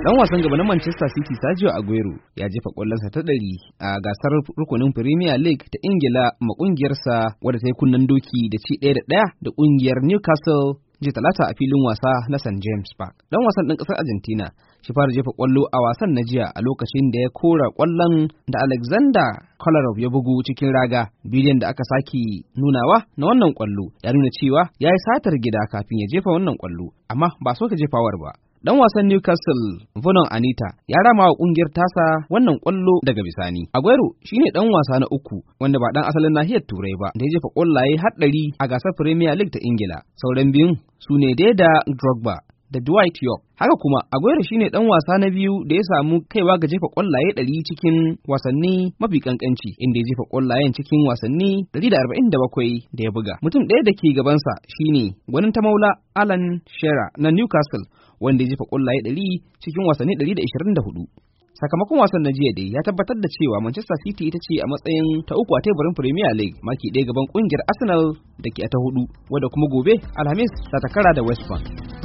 Dan wasan gaba na Manchester City Sergio Aguero ya jefa kwallonsa ta ɗari a gasar rukunin Premier League ta Ingila ma ƙungiyarsa wadda ta yi kunnen doki da ci ɗaya da ɗaya da ƙungiyar Newcastle ji talata a filin wasa na St James Park. Dan wasan ɗin ƙasar Argentina shi fara jefa kwallo a wasan na jiya a lokacin da ya kora kwallon da Alexander Kolarov ya bugu cikin raga. Bidiyon da aka sake nunawa na wannan kwallo ya nuna cewa ya yi satar gida kafin ya jefa wannan kwallo amma ba so ka jefawar ba. Dan wasan Newcastle Vernon Anita ya rama wa kungiyar tasa wannan kwallo daga bisani. Aguero shine dan wasa na uku wanda ba dan asalin nahiyar Turai ba da ya jefa kwallaye ɗari a gasar Premier League ta Ingila. Sauran biyun su ne da Drogba da Dwight York. Haka kuma Aguero shine dan wasa na biyu da ya samu kaiwa ga jefa kwallaye 100 cikin wasanni mafi kankanci inda ya jefa kwallayen cikin wasanni 147 da ya buga. Mutum ɗaya da ke gabansa shine gwanin ta maula Alan Shearer na Newcastle wanda ya jefa ƙwallaye ɗari cikin wasanni ɗari da ishirin da hudu. sakamakon wasan na jiya dai ya tabbatar da cewa Manchester City ita ce a matsayin ta uku a teburin Premier League maki ɗaya gaban ƙungiyar Arsenal da ke a ta hudu wadda kuma gobe Alhamis za ta kara da West Ham.